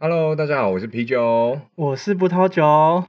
哈嘍，大家好，我是啤酒，我是葡萄酒。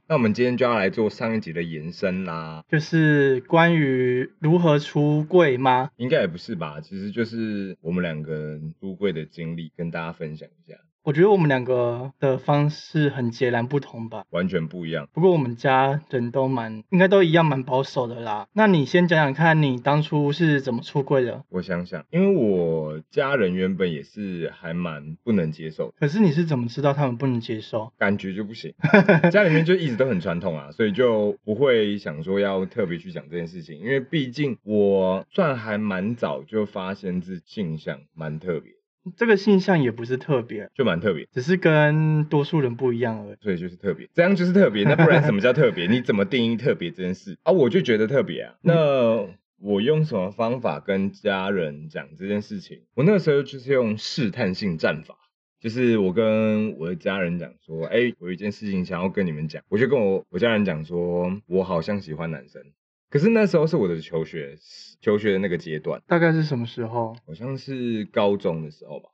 那我們今天就要來做上一集的延伸啦，就是關於如何出櫃嗎？應該也不是吧，其實就是我們兩個人出櫃的經歷，跟大家分享一下。我覺得我們兩個的方式很截然不同吧，完全不一樣。不過我們家人都蠻，應該都一樣，蠻保守的啦。那你先講講看，你當初是怎麼出櫃的？我想想，因為我家人原本也是還蠻不能接受。可是你是怎麼知道他們不能接受？感覺就不行， 家裡面就一直都很傳統啊，所以就不會想說要特別去講這件事情。因為畢竟我算還蠻早就發現這性向，蠻特別。這個現象也不是特別，就蠻特別，只是跟多數人不一樣而已。所以就是特別，這樣就是特別。那不然什麼叫特別？ 你怎麼定義特別這件事啊、哦？我就覺得特別啊。那我用什麼方法跟家人講這件事情？ 我那時候就是用試探性戰法，就是我跟我的家人講說：“哎、欸，我有一件事情想要跟你們講。”我就跟我我家人講說：“我好像喜歡男生。”可是那時候是我的求學。求學的那個階段，大概是什麼時候？好像是高中的時候吧。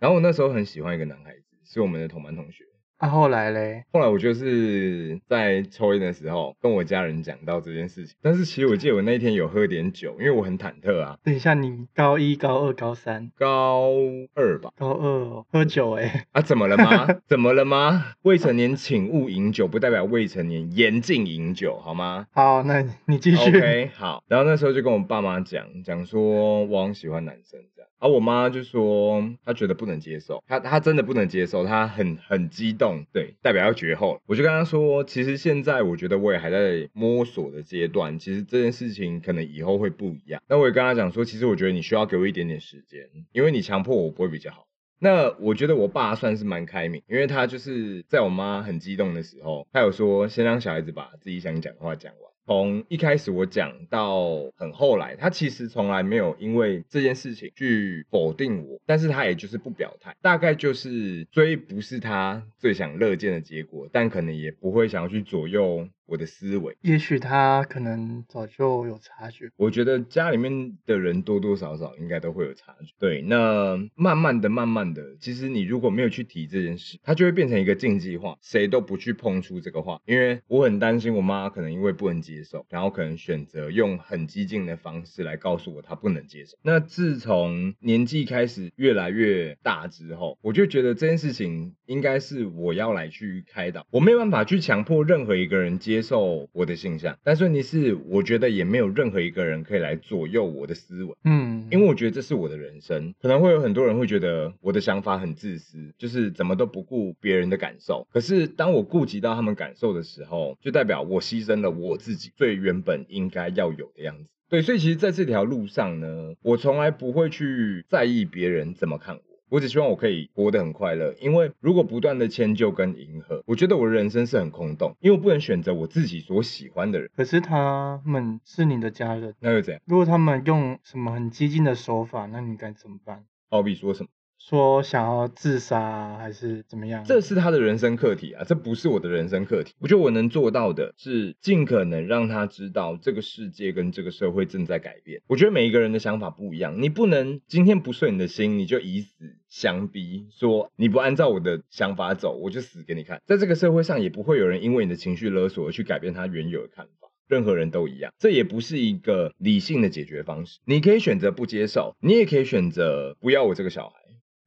然後我那時候很喜歡一個男孩子，是我們的同班同學。啊，後來嘞？後來我就是在抽菸的時候跟我家人講到這件事情，但是其實我記得我那一天有喝點酒，因為我很忐忑啊。等一下，你高一、高二、高三？高二吧。高二、哦、喝酒哎？啊，怎麼了嗎？ 怎麼了嗎？未成年請勿飲酒，不代表未成年嚴禁飲酒，好嗎？好，那你繼續。OK，好。然後那時候就跟我爸媽講講說，我好喜歡男生這樣。然、啊、後我媽就說，她覺得不能接受，她她真的不能接受，她很很激動。對，代表要絕後了。我就跟他說，其實現在我覺得我也還在摸索的階段，其實這件事情可能以後會不一樣。那我也跟他講說，其實我覺得你需要給我一點點時間，因為你強迫我不會比較好。那我覺得我爸算是蠻開明，因為他就是在我媽很激動的時候，他有說先讓小孩子把自己想講的話講完。從一開始我講到很後來，他其實從來沒有因為這件事情去否定我，但是他也就是不表態，大概就是雖不是他最想樂見的結果，但可能也不會想要去左右我的思維，也許他可能早就有察覺。我覺得家裡面的人多多少少應該都會有察覺。對，那慢慢的、慢慢的，其實你如果沒有去提這件事，它就會變成一個禁忌話，誰都不去碰觸這個話。因為我很擔心我媽可能因為不能接受，然後可能選擇用很激進的方式來告訴我她不能接受。那自從年紀開始越來越大之後，我就覺得這件事情應該是我要來去開導，我沒有辦法去強迫任何一個人接。接受我的形象，但是問題是，我覺得也沒有任何一個人可以來左右我的思維。嗯，因為我覺得這是我的人生，可能會有很多人會覺得我的想法很自私，就是怎麼都不顧別人的感受。可是當我顧及到他們感受的時候，就代表我犧牲了我自己最原本應該要有的樣子。對，所以其實在這條路上呢，我從來不會去在意別人怎麼看我。我只希望我可以活得很快樂，因為如果不斷的遷就跟迎合，我覺得我的人生是很空洞，因為我不能選擇我自己所喜歡的人。可是他們是你的家人，那又怎樣？如果他們用什麼很激進的手法，那你該怎麼辦？好比說什麼？說想要自殺還是怎麼樣？這是他的人生課題啊，這不是我的人生課題。我覺得我能做到的是盡可能讓他知道這個世界跟這個社會正在改變。我覺得每一個人的想法不一樣，你不能今天不順你的心，你就以死相逼說，說你不按照我的想法走，我就死給你看。在這個社會上，也不會有人因為你的情緒勒索而去改變他原有的看法。任何人都一樣，這也不是一個理性的解決方式。你可以選擇不接受，你也可以選擇不要我這個小孩。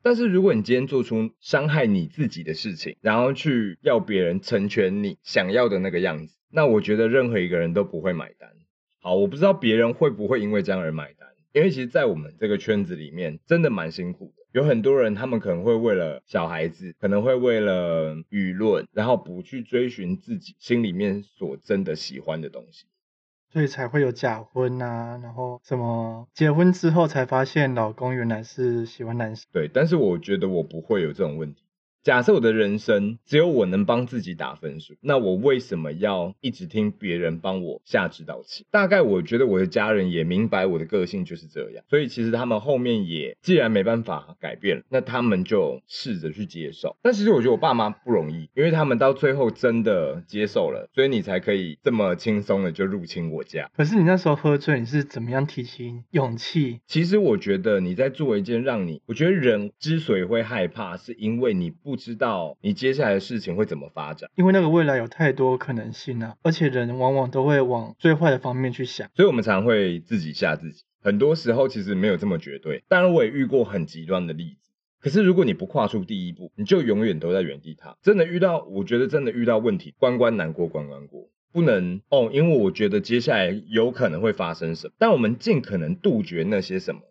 但是如果你今天做出傷害你自己的事情，然後去要別人成全你想要的那個樣子，那我覺得任何一個人都不會買單。好，我不知道別人會不會因為這樣而買單，因為其實，在我們這個圈子裡面，真的蠻辛苦的。有很多人，他們可能會為了小孩子，可能會為了輿論，然後不去追尋自己心裡面所真的喜歡的東西。所以才會有假婚吶、啊，然後什麼結婚之後才發現老公原來是喜歡男生。對，但是我覺得我不會有這種問題。假設我的人生只有我能幫自己打分數，那我為什麼要一直聽別人幫我下指導棋？大概我覺得我的家人也明白我的個性就是這樣，所以其實他們後面也既然沒辦法改變了，那他們就試着去接受。但其實我覺得我爸媽不容易，因為他們到最後真的接受了，所以你才可以這麼輕鬆的就入侵我家。可是你那時候喝醉，你是怎麼樣提起勇氣？其實我覺得你在做一件讓你，我覺得人之所以會害怕，是因為你不。不知道你接下來的事情會怎麼發展，因為那個未來有太多可能性呢、啊，而且人往往都會往最壞的方面去想，所以我們才會自己嚇自己。很多時候其實沒有這麼絕對，當然我也遇過很極端的例子。可是如果你不跨出第一步，你就永遠都在原地踏步。真的遇到，我覺得真的遇到問題，關關難過關關過，不能哦，因為我覺得接下來有可能會發生什麼，但我們盡可能杜絕那些什麼，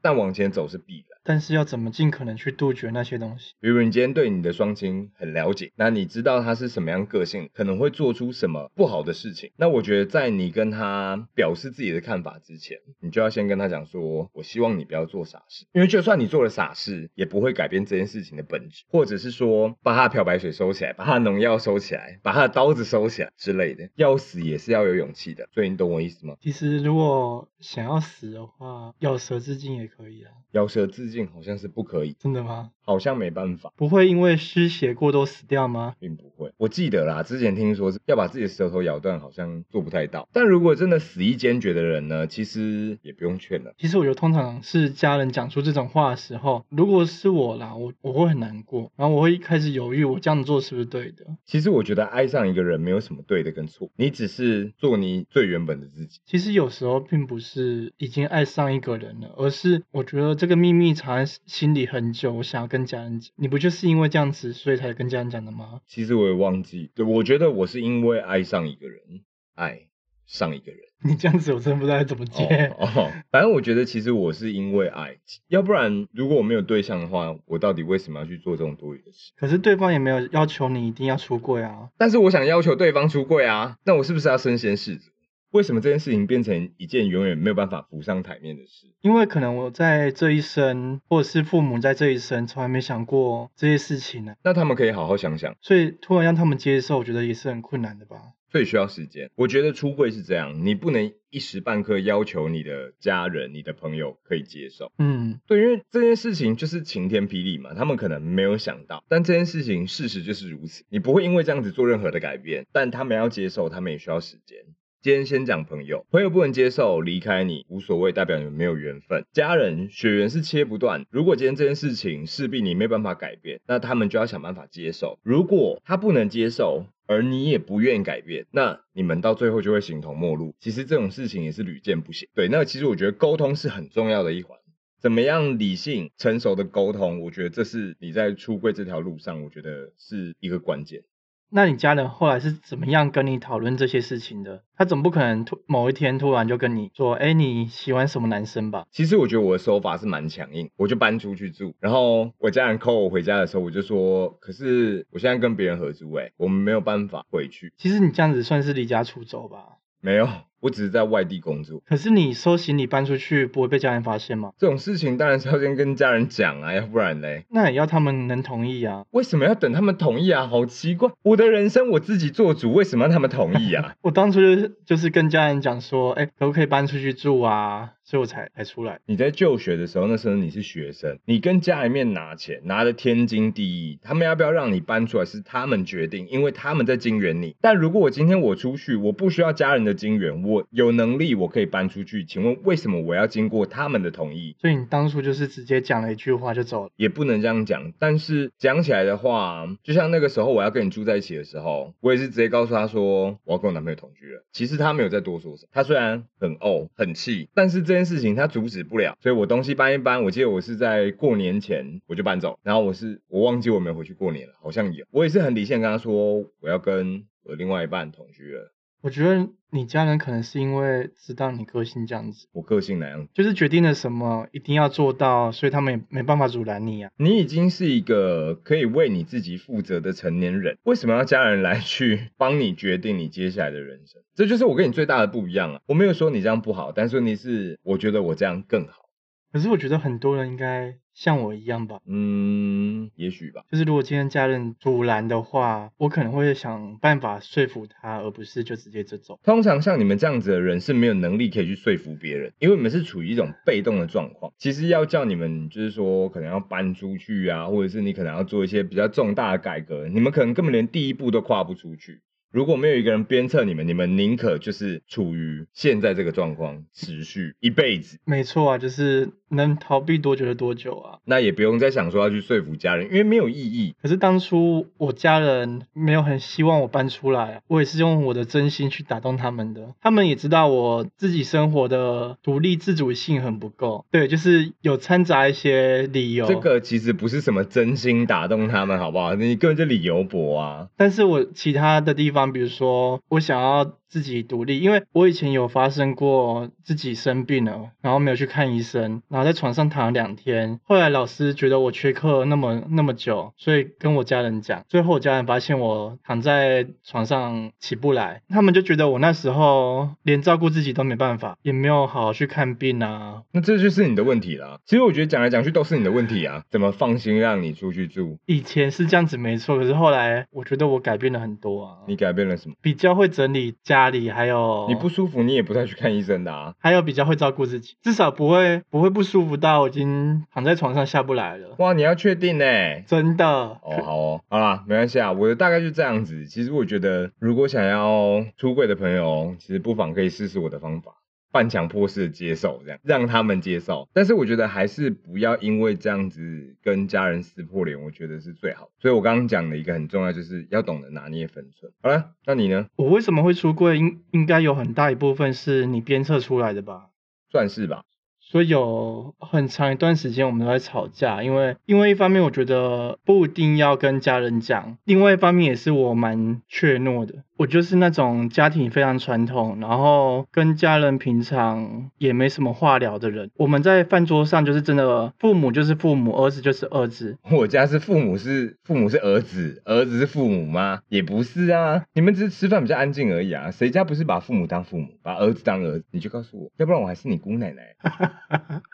但往前走是必但是要怎麼盡可能去杜絕那些東西？比如你今天對你的雙親很了解，那你知道他是什麼樣個性，可能會做出什麼不好的事情。那我覺得在你跟他表示自己的看法之前，你就要先跟他講說，我希望你不要做傻事，因為就算你做了傻事，也不會改變這件事情的本質。或者是說，把他的漂白水收起來，把他的農藥收起來，把他的刀子收起來之類的，要死也是要有勇氣的。所以你懂我意思嗎？其實如果想要死的話，咬舌自盡也可以啊，咬舌自盡。好像是不可以，真的嗎？好像沒辦法，不會因為失血過多死掉嗎？並不會，我記得啦，之前聽說要把自己的舌頭咬斷，好像做不太到。但如果真的死意堅決的人呢？其實也不用勸了。其實我覺得，通常是家人講出這種話的時候，如果是我啦，我我會很難過，然後我會一開始猶豫，我這樣做是不是對的？其實我覺得愛上一個人沒有什麼對的跟錯，你只是做你最原本的自己。其實有時候並不是已經愛上一個人了，而是我覺得這個秘密藏在心裡很久，我想要跟家人講，你不就是因為這樣子，所以才跟家人講的嗎？其實我也忘記，對，我覺得我是因為愛上一個人，愛上一個人。你這樣子，我真不知道該怎麼接。哦，oh, oh, oh, 反正我覺得其實我是因為愛，要不然如果我沒有對象的話，我到底為什麼要去做這種多餘的事？可是對方也沒有要求你一定要出櫃啊。但是我想要求對方出櫃啊，那我是不是要身先士卒？為什麼這件事情變成一件永遠沒有辦法浮上台面的事？因為可能我在這一生，或者是父母在這一生，從來沒想過這些事情呢。那他們可以好好想想。所以突然讓他們接受，我覺得也是很困難的吧。所以需要時間。我覺得出櫃是這樣，你不能一時半刻要求你的家人、你的朋友可以接受。嗯，對，因為這件事情就是晴天霹靂嘛，他們可能沒有想到。但這件事情事實就是如此，你不會因為這樣子做任何的改變。但他們要接受，他們也需要時間。今天先講朋友，朋友不能接受離開你無所謂，代表你們沒有緣分。家人、血緣是切不斷。如果今天這件事情勢必你沒辦法改變，那他們就要想辦法接受。如果他不能接受，而你也不願意改變，那你們到最後就會形同陌路。其實這種事情也是屢見不鮮。對，那個、其實我覺得溝通是很重要的一環，怎麼樣理性成熟的溝通，我覺得這是你在出櫃這條路上，我覺得是一個關鍵。那你家人後來是怎麼樣跟你討論這些事情的？他總不可能突某一天突然就跟你說：“哎，你喜歡什麼男生吧？”其實我覺得我的手法是蠻強硬，我就搬出去住。然後我家人 call 我回家的時候，我就說：“可是我現在跟別人合租，哎，我們沒有辦法回去。”其實你這樣子算是離家出走吧？沒有。我只是在外地工作，可是你收行李搬出去，不會被家人發現嗎？這種事情當然是要先跟家人講啊，要不然嘞，那也要他們能同意啊。為什麼要等他們同意啊？好奇怪，我的人生我自己做主，為什麼要他們同意啊？ 我當初就是、就是、跟家人講說，哎、欸，可不可以搬出去住啊？所以我才才出來。你在就學的時候，那時候你是學生，你跟家裡面拿錢拿的天經地義。他們要不要讓你搬出來是他們決定，因為他們在經援你。但如果我今天我出去，我不需要家人的經援，我有能力我可以搬出去。請問為什麼我要經過他們的同意？所以你當初就是直接講了一句話就走了。也不能這樣講，但是講起來的話，就像那個時候我要跟你住在一起的時候，我也是直接告訴他說我要跟我男朋友同居了。其實他沒有再多說什麼，他雖然很慪很氣，但是這。事情他阻止不了，所以我東西搬一搬。我記得我是在過年前我就搬走，然後我是我忘記我沒有回去過年了，好像有。我也是很理性，跟他說我要跟我另外一半同居了。我覺得你家人可能是因為知道你個性這樣子，我個性哪樣子？就是決定了什麼一定要做到，所以他們也沒辦法阻攔你啊。你已經是一個可以為你自己負責的成年人，為什麼要家人來去幫你決定你接下來的人生？這就是我跟你最大的不一樣了、啊。我沒有說你這樣不好，但是你是，我覺得我這樣更好。可是我覺得很多人應該。像我一樣吧，嗯，也許吧。就是如果今天家人阻攔的話，我可能會想辦法說服他，而不是就直接這種。通常像你們這樣子的人是沒有能力可以去說服別人，因為你們是處於一種被動的狀況。其實要叫你們，就是說可能要搬出去啊，或者是你可能要做一些比較重大的改革，你們可能根本連第一步都跨不出去。如果沒有一個人鞭策你們，你們寧可就是處於現在這個狀況持續一輩子。沒錯啊，就是能逃避多久就多久啊。那也不用再想說要去說服家人，因為沒有意義。可是當初我家人沒有很希望我搬出來，我也是用我的真心去打動他們的。他們也知道我自己生活的獨立自主性很不夠。對，就是有摻雜一些理由。這個其實不是什麼真心打動他們，好不好？你個人的理由薄啊。但是我其他的地方。比如說，我想要自己獨立，因為我以前有發生過自己生病了，然後沒有去看醫生，然後在床上躺了兩天。後來老師覺得我缺課那麼那麼久，所以跟我家人講。最後我家人發現我躺在床上起不來，他們就覺得我那時候連照顧自己都沒辦法，也沒有好好去看病啊。那這就是你的問題啦。其實我覺得講來講去都是你的問題啊，怎麼放心讓你出去住？以前是這樣子沒錯，可是後來我覺得我改變了很多啊。你改變了什麼？比較會整理家。家裡還有，你不舒服，你也不太去看醫生的。啊，還有比較會照顧自己，至少不會不會不舒服到已經躺在床上下不來了。哇，你要確定呢？真的？哦，好哦， 好啦，沒關係啊。我的大概就這樣子。其實我覺得，如果想要出櫃的朋友，其實不妨可以試試我的方法。半強迫式的接受，這樣讓他們接受，但是我覺得還是不要因為這樣子跟家人撕破臉，我覺得是最好的。所以我剛剛講的一個很重要，就是要懂得拿捏分寸。好了，那你呢？我為什麼會出櫃？應應該有很大一部分是你鞭策出來的吧？算是吧。所以有很長一段時間我們都在吵架，因為因為一方面我覺得不一定要跟家人講，另外一方面也是我蠻怯懦的，我就是那種家庭非常傳統，然後跟家人平常也沒什麼話聊的人。我們在飯桌上就是真的，父母就是父母，兒子就是兒子。我家是父母是父母是兒子，兒子是父母嗎？也不是啊，你們只是吃飯比較安靜而已啊。誰家不是把父母當父母，把兒子當兒子？你就告訴我，要不然我還是你姑奶奶。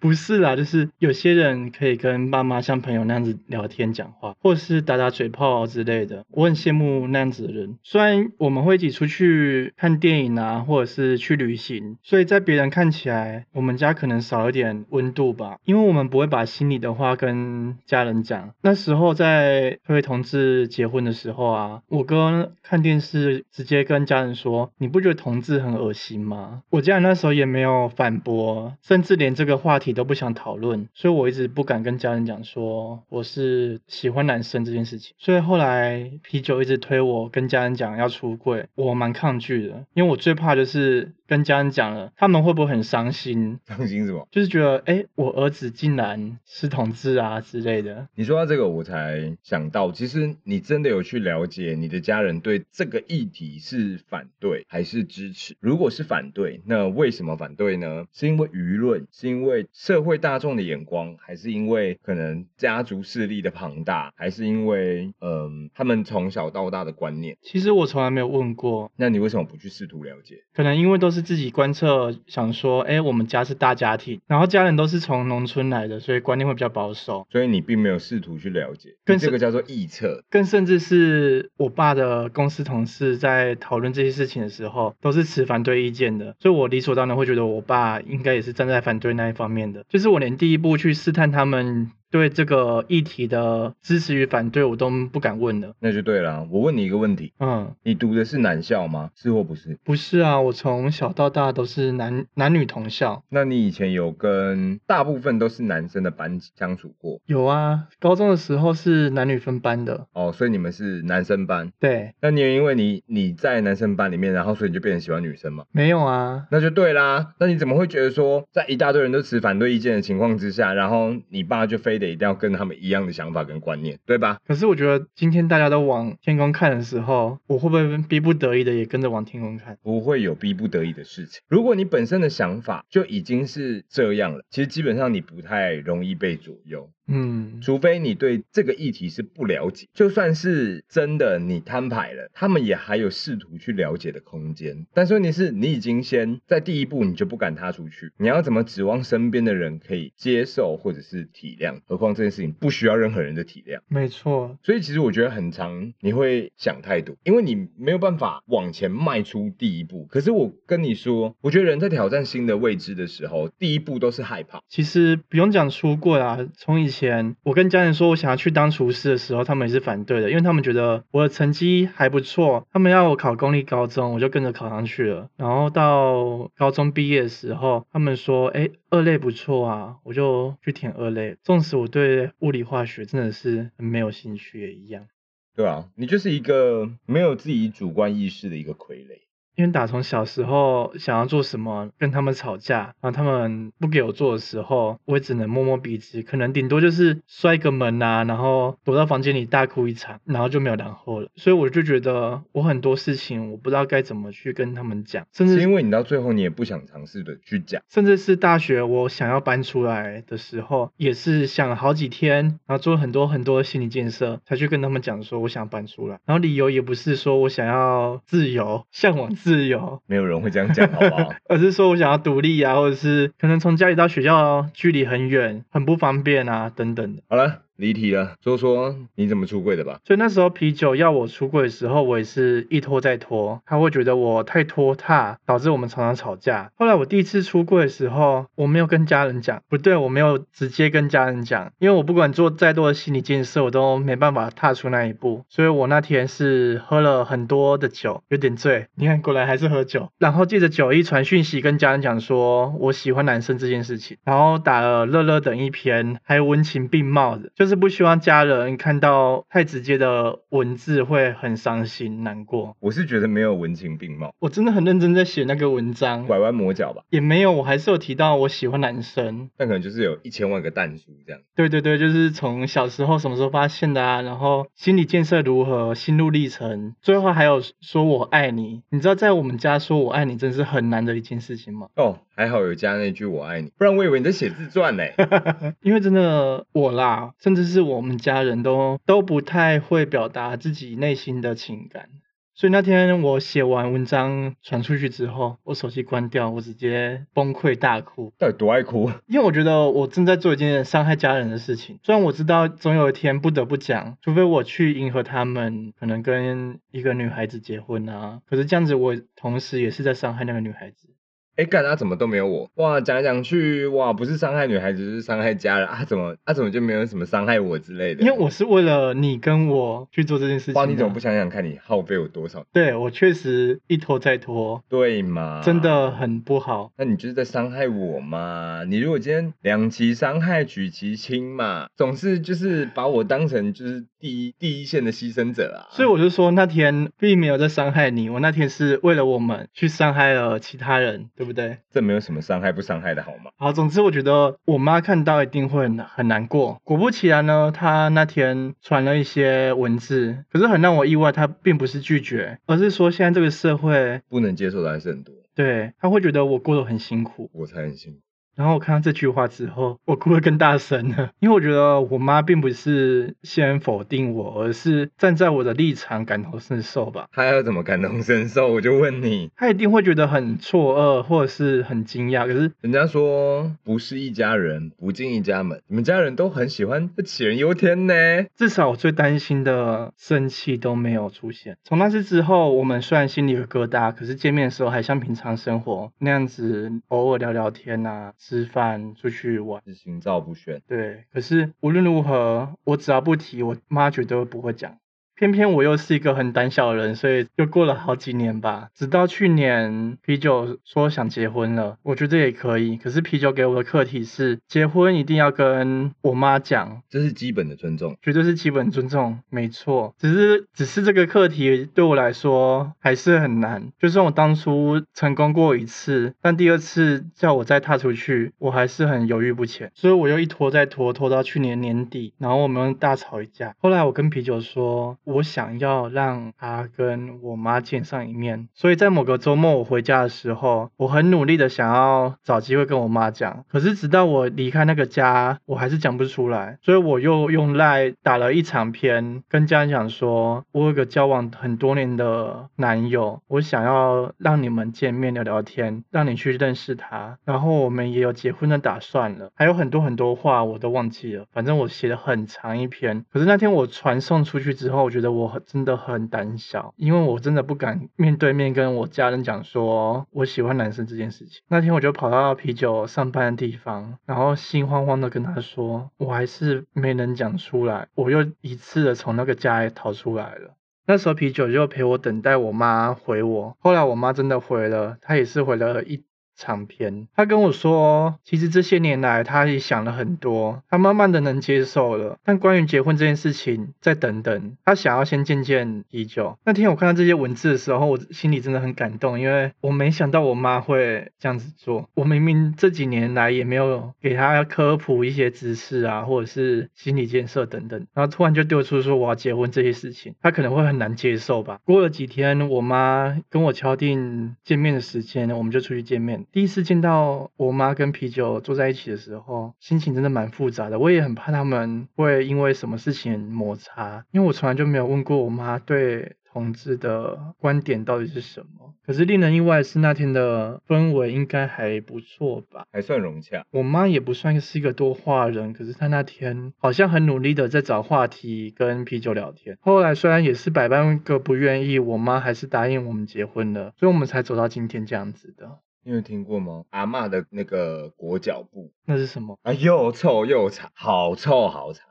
不是啦，就是有些人可以跟爸媽像朋友那樣子聊天講話，或者是打打嘴炮之類的。我很羨慕那樣子的人。雖然我們會一起出去看電影啊，或者是去旅行，所以在別人看起來，我們家可能少一點溫度吧，因為我們不會把心裡的話跟家人講。那時候在各位同志結婚的時候啊，我哥看電視直接跟家人說：“你不覺得同志很惡心嗎？”我家人那時候也沒有反駁。甚至連這個話題都不想討論，所以我一直不敢跟家人講說我是喜歡男生這件事情。所以後來啤酒一直推我跟家人講要出櫃，我蠻抗拒的，因為我最怕就是跟家人講了，他們會不會很傷心？傷心什麼？就是覺得誒、欸，我兒子竟然是同志啊之類的。你說到這個，我才想到，其實你真的有去了解你的家人對這個議題是反對還是支持？如果是反對，那為什麼反對呢？是因為輿論，是因為社會大眾的眼光，還是因為可能家族勢力的龐大，還是因為嗯、呃、他們從小到大的觀念？其實我從來沒有問過。那你為什麼不去試圖了解？可能因為都是自己觀測，想說哎、欸，我們家是大家庭，然後家人都是從農村來的，所以觀念會比較保守。所以你並沒有試圖去了解，更這個叫做臆測。更甚至是我爸的公司同事在討論這些事情的時候，都是持反對意見的，所以我理所當然會覺得我爸應該也是在在反對那一方面的，就是我連第一步去試探他們。對這個議題的支持與反對，我都不敢問了。那就對了啊，我問你一個問題。嗯，你讀的是男校嗎？是或不是？不是啊，我從小到大都是男男女同校。那你以前有跟大部分都是男生的班相處過？有啊，高中的時候是男女分班的。哦，所以你們是男生班。對。那你也因為你你在男生班裡面，然後所以你就變成喜歡女生嗎？沒有啊。那就對啦。那你怎麼會覺得說，在一大堆人都持反對意見的情況之下，然後你爸就非得。一定要跟他們一樣的想法跟觀念，對吧？可是我覺得今天大家都往天空看的時候，我會不會逼不得已的也跟着往天空看？不會有逼不得已的事情。如果你本身的想法就已經是這樣了，其實基本上你不太容易被左右。嗯，除非你對這個議題是不了解，就算是真的你攤牌了，他們也還有試圖去了解的空間。但是問題是，你已經先在第一步你就不敢踏出去，你要怎麼指望身邊的人可以接受或者是體諒？何況這件事情不需要任何人的體諒，沒錯。所以其實我覺得很常，你會想太多，因為你沒有辦法往前邁出第一步。可是我跟你說，我覺得人在挑戰新的未知的時候，第一步都是害怕。其實不用講出櫃啦，從以前我跟家人說我想要去當廚師的時候，他們也是反對的，因為他們覺得我的成績還不錯，他們要我考公立高中，我就跟着考上去了。然後到高中畢業的時候，他們說：“哎。”二類不錯啊，我就去填二類，縱使我對物理化學真的是沒有興趣也一樣。對啊，你就是一個沒有自己主觀意識的一個傀儡。因為打從小時候想要做什麼，跟他們吵架，然後他們不給我做的時候，我也只能摸摸鼻子，可能頂多就是摔個門啊，然後躲到房間裡大哭一場，然後就沒有然後了。所以我就覺得我很多事情我不知道該怎麼去跟他們講，甚至是因為你到最後你也不想嘗試的去講，甚至是大學我想要搬出來的時候，也是想了好幾天，然後做很多很多心理建設，才去跟他們講說我想搬出來，然後理由也不是說我想要自由，嚮往自由。自由，沒有人會這樣講，好不好？而 是說我想要獨立啊，或者是可能從家裡到學校距離很遠，很不方便啊，等等的。好了。離題了，說說你怎麼出櫃的吧。所以那時候啤酒要我出櫃的時候，我也是一拖再拖。他會覺得我太拖沓，導致我們常常吵架。後來我第一次出櫃的時候，我沒有跟家人講，不對，我沒有直接跟家人講，因為我不管做再多的心理建設，我都沒辦法踏出那一步。所以我那天是喝了很多的酒，有點醉。你看，果然還是喝酒。然後借着酒意傳訊息跟家人講說我喜歡男生這件事情，然後打了樂樂等一篇，還文情並茂的。就是不希望家人看到太直接的文字，會很傷心難過。我是覺得沒有文情並茂，我真的很認真在寫那個文章，拐彎抹角吧，也沒有，我還是有提到我喜歡男生。但可能就是有一千萬個但書這樣。對對對，就是從小時候什麼時候發現的啊，然後心理建設如何，心路歷程，最後還有說我愛你。你知道在我們家說我愛你，真是很難的一件事情嗎？哦。還好有加那句我愛你，不然我以為你在寫自傳呢。 因為真的我啦，甚至是我們家人都都不太會表達自己內心的情感。所以那天我寫完文章傳出去之後，我手機關掉，我直接崩潰大哭。到底多愛哭？因為我覺得我正在做一件傷害家人的事情。雖然我知道總有一天不得不講，除非我去迎合他們，可能跟一個女孩子結婚啊。可是這樣子，我同時也是在傷害那個女孩子。哎、欸，幹他、啊、怎麼都沒有我哇？講來講去哇，不是傷害女孩子，是傷害家人啊？怎麼，他、啊、怎麼就沒有什麼傷害我之類的？因為我是為了你跟我去做這件事情。哇，你怎麼不想想看你耗費我多少？對我確實一拖再拖，對嘛？真的很不好。那你就是在傷害我嘛？你如果今天兩極傷害取其輕嘛，總是就是把我當成就是第一第一線的犧牲者啊。所以我就說那天並沒有在傷害你，我那天是為了我們去傷害了其他人。對對不對，這沒有什麼傷害不傷害的，好嗎？好，總之我覺得我媽看到一定會很難過。果不其然呢，她那天傳了一些文字，可是很讓我意外，她並不是拒絕，而是說現在這個社會不能接受的還是很多。對，她會覺得我過得很辛苦，我才很辛苦。然後我看到這句話之後，我哭得更大聲了，因為我覺得我媽並不是先否定我，而是站在我的立場感同身受吧。她要怎麼感同身受？我就問你，她一定會覺得很錯愕，或者是很驚訝。可是人家說不是一家人，不進一家門，你們家人都很喜歡杞人憂天呢。至少我最擔心的生氣都沒有出現。從那次之後，我們雖然心裡有疙瘩，可是見面的時候還像平常生活那樣子，偶爾聊聊天吶、啊。吃飯、出去玩，心照不宣。對，可是無論如何，我只要不提，我媽絕對不會講。偏偏我又是一個很膽小的人，所以又過了好幾年吧。直到去年，啤酒說想結婚了，我覺得也可以。可是啤酒給我的課題是，結婚一定要跟我媽講，這是基本的尊重，絕對是基本尊重，沒錯。只是，只是這個課題對我來說還是很難。就算、是、我當初成功過一次，但第二次叫我再踏出去，我還是很猶豫不前。所以我又一拖再拖，拖到去年年底，然後我們大吵一架。後來我跟啤酒說。我想要讓他跟我媽見上一面，所以在某個週末我回家的時候，我很努力的想要找機會跟我媽講，可是直到我離開那個家，我還是講不出來。所以我又用 LINE 打了一長篇，跟家人講說，我有個交往很多年的男友，我想要讓你們見面聊聊天，讓你去認識他，然後我們也有結婚的打算了，還有很多很多話我都忘記了，反正我寫了很長一篇，可是那天我傳送出去之後。覺得我很真的很膽小，因為我真的不敢面對面跟我家人講說我喜歡男生這件事情。那天我就跑到啤酒上班的地方，然後心慌慌的跟他說，我還是沒能講出來，我又一次的從那個家裡逃出來了。那時候啤酒就陪我等待我媽回我，後來我媽真的回了，她也是回了一。長篇，他跟我說，其實這些年來他也想了很多，他慢慢的能接受了，但關於結婚這件事情，再等等，他想要先見見依舊。那天我看到這些文字的時候，我心裡真的很感動，因為我沒想到我媽會這樣子做，我明明這幾年來也沒有給她科普一些知識啊，或者是心理建設等等，然後突然就丟出說我要結婚這些事情，她可能會很難接受吧。過了幾天，我媽跟我敲定見面的時間，我們就出去見面。第一次見到我媽跟啤酒坐在一起的時候，心情真的蠻複雜的。我也很怕他們會因為什麼事情摩擦，因為我從來就沒有問過我媽對同志的觀點到底是什麼。可是令人意外的是，那天的氛圍應該還不錯吧？還算融洽啊。我媽也不算是一個多話人，可是她那天好像很努力的在找話題跟啤酒聊天。後來雖然也是百般個不願意，我媽還是答應我們結婚了，所以我們才走到今天這樣子的。你有聽過嗎？阿嬤的那個裹腳布，那是什麼？啊，又臭又長，好臭好長。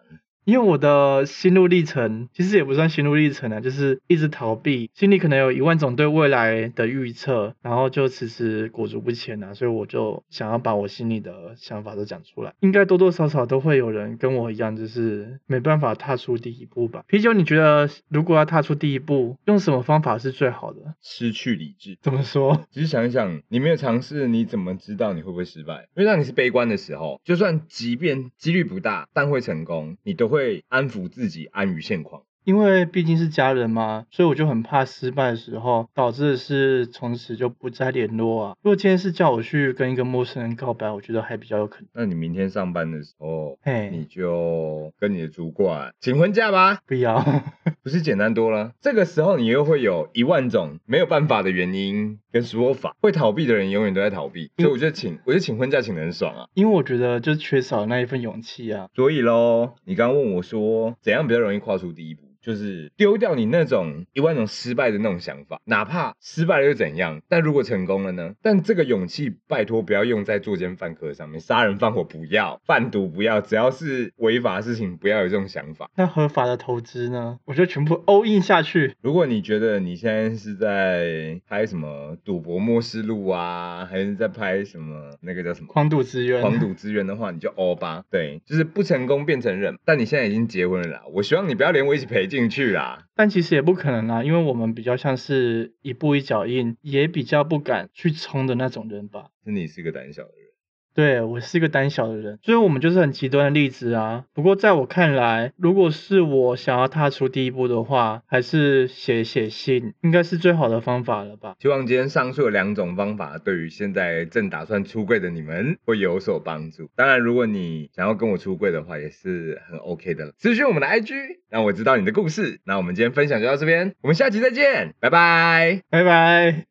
因為我的心路歷程其實也不算心路歷程啊，就是一直逃避，心裡可能有一萬種對未來的預測，然後就遲遲裹足不前啊。所以我就想要把我心裡的想法都講出來。應該多多少少都會有人跟我一樣，就是沒辦法踏出第一步吧。啤酒，你覺得如果要踏出第一步，用什麼方法是最好的？失去理智？怎麼說？只是想一想，你沒有嘗試，你怎麼知道你會不會失敗？因為當你是悲觀的時候，就算即便幾率不大，但會成功，你都會。會安撫自己，安於現況。因為畢竟是家人嘛，所以我就很怕失敗的時候，導致的是從此就不再聯絡啊。如果今天是叫我去跟一個陌生人告白，我覺得還比較有可能。那你明天上班的時候，嘿，你就跟你的主管請婚假吧，不要。 不是簡單多了？這個時候你又會有一萬種沒有辦法的原因跟說法，會逃避的人永遠都在逃避，所以我就請，我就請婚假請的很爽啊，因為我覺得就缺少那一份勇氣啊。所以咯，你剛剛問我說，怎樣比較容易跨出第一步？就是丟掉你那種一萬種失敗的那種想法，哪怕失敗了又怎樣？但如果成功了呢？但這個勇氣拜托不要用在作奸犯科上面，殺人放火不要，販毒不要，只要是違法的事情不要有這種想法。那合法的投資呢？我覺得全部 all in 下去。如果你覺得你現在是在拍什麼《賭博默示錄》啊，還是在拍什麼那個叫什麼《狂賭之淵》。《狂賭之淵》的話，你就 all 吧。對，就是不成功便成仁。但你現在已經結婚了啦，我希望你不要連我一起賠。進去啊，但其實也不可能啊，因為我們比較像是一步一腳印，也比較不敢去衝的那種人吧。那你是一個膽小的人？對我是一個膽小的人，所以我們就是很極端的例子啊。不過在我看來，如果是我想要踏出第一步的話，還是寫寫信應該是最好的方法了吧。希望今天上述的兩種方法對於現在正打算出櫃的你們會有所幫助。當然，如果你想要跟我出櫃的話，也是很 OK 的了。私訊我們的 IG，讓我知道你的故事。那我們今天分享就到這邊，我們下集再見，拜拜，拜拜。